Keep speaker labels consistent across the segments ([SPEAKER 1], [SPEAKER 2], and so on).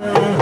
[SPEAKER 1] Yeah. Mm.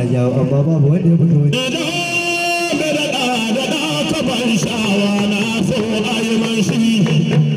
[SPEAKER 1] a amma babu wanda ya fito wani idan da da da ta ban sha'awa na so ayi yi man shi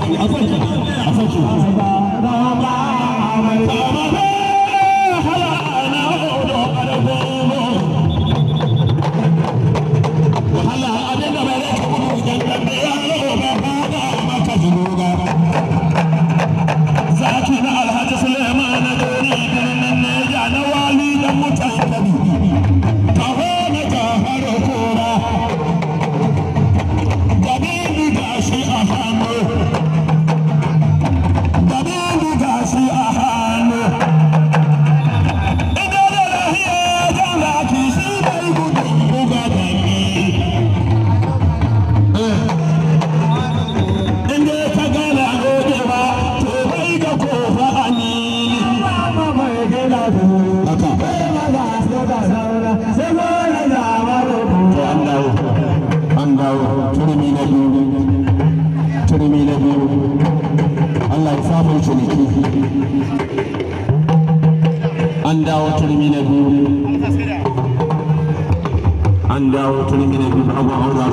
[SPEAKER 1] farko a farko a farko dawo turmi na biyu turmi na biyu Allah ya samu ciniki an dawo turmi na biyu an dawo turmi na biyu abu haura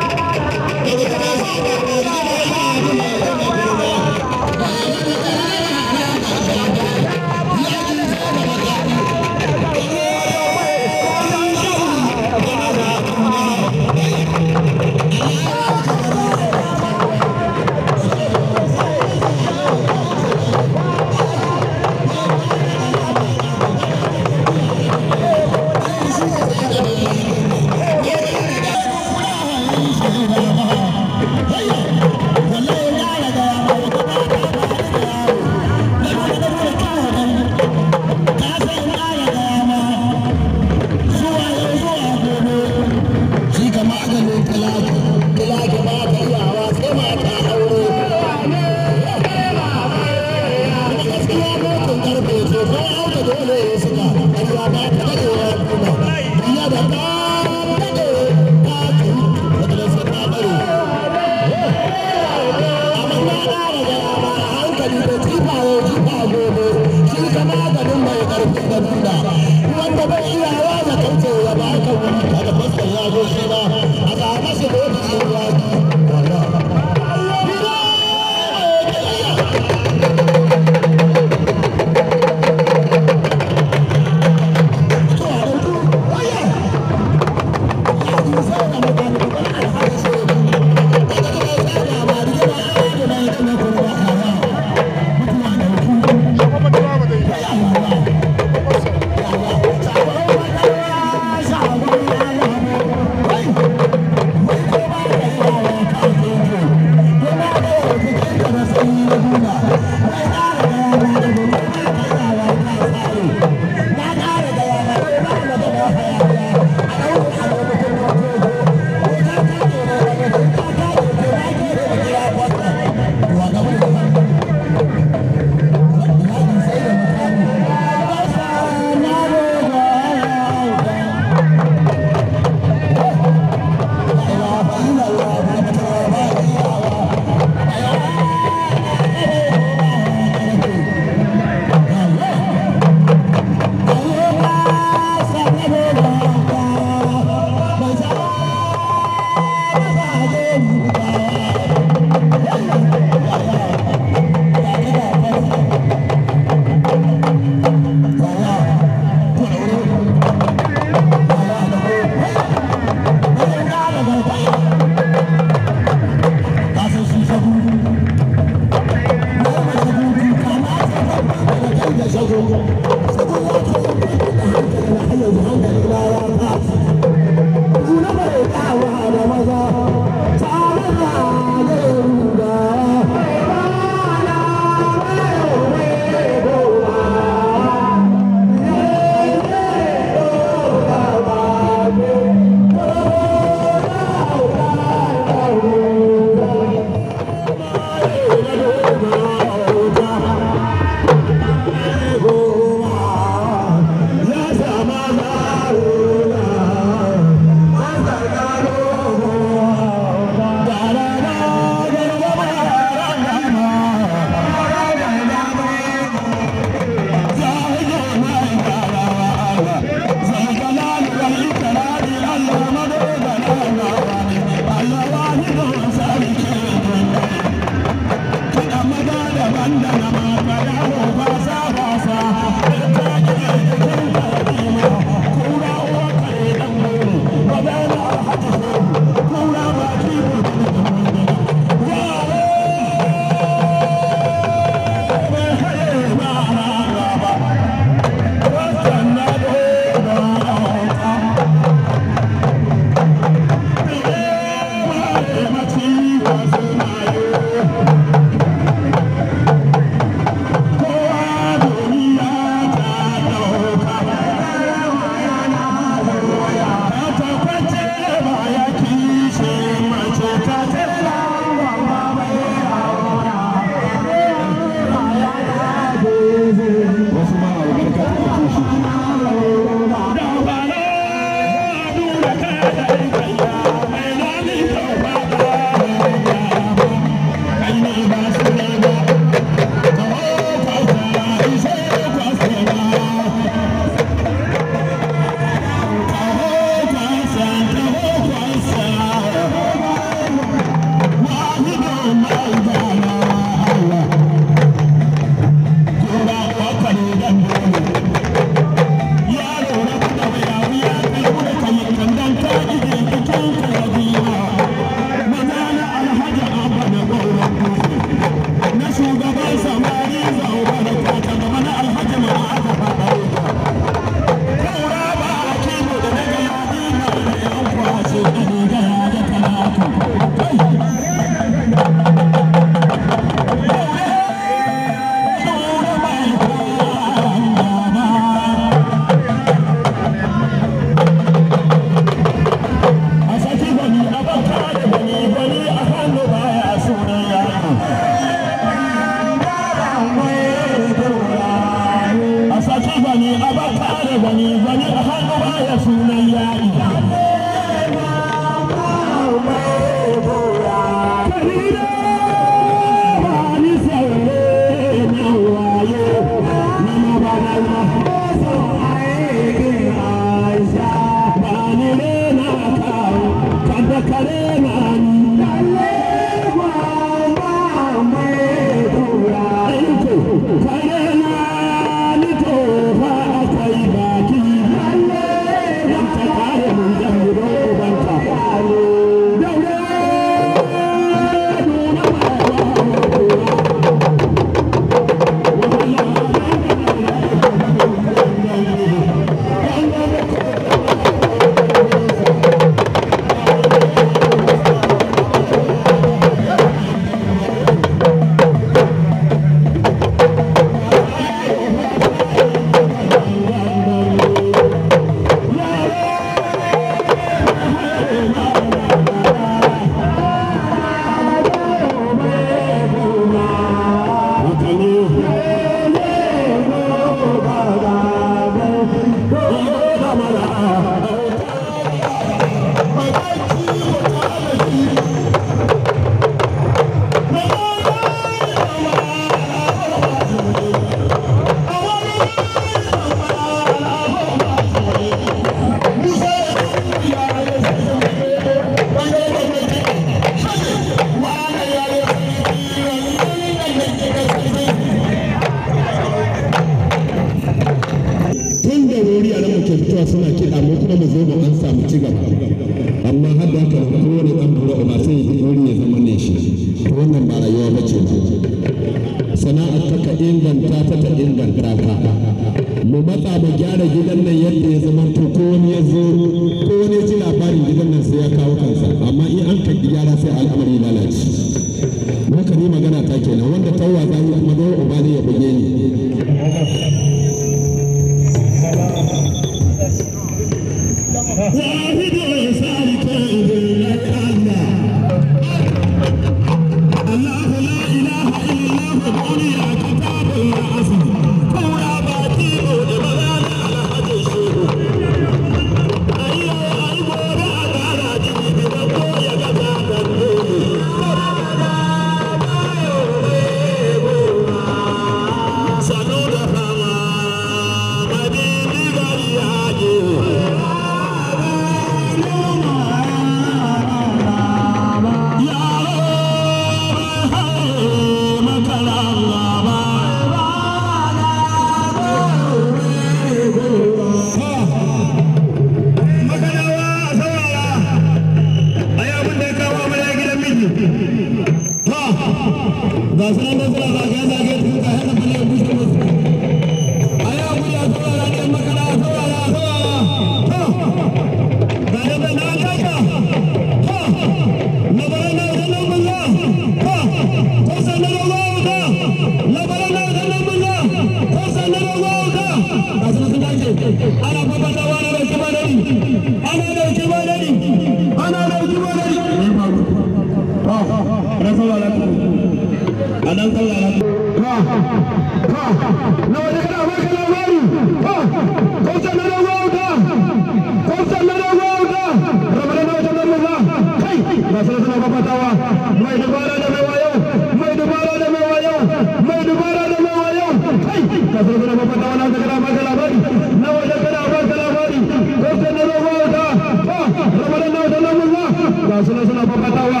[SPEAKER 1] sunan suna fafatawa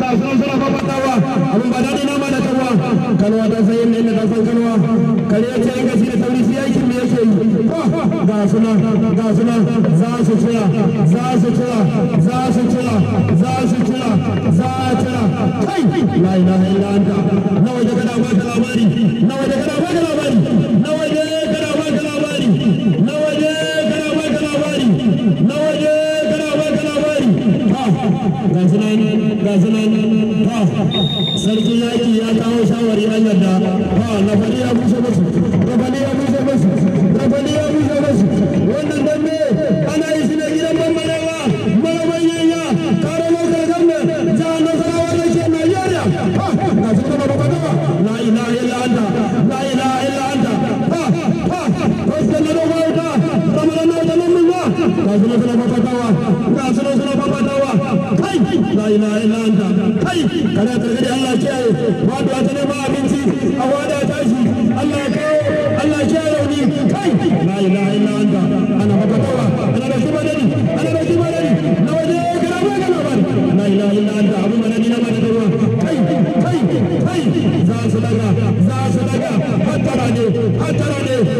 [SPEAKER 1] ga sunan suna fafatawa abin ba daɗi nama da kanwa kanwa ta ta san kanwa kare ce in gashi da sauri shi aikin me yake yi ga suna ga suna za su cira za su cira za su cira za su za kai la ilaha illa anta nawa da kada ba labari nawa da kada ba labari nawa da ga yaki ya kawo shawari an yadda na fadi ya musu na la ilaha illa anta kai kada gargadi Allah wato ta ne ba abinci a wada tashi Allah kawo Allah kiyaye rauni kai la ilaha illa anta ana makatawa ana da shi madani ana da shi madani na waje kana ba kana ba la ilaha illa anta abu madani na madani ruwa kai kai kai za su daga za su daga ne ne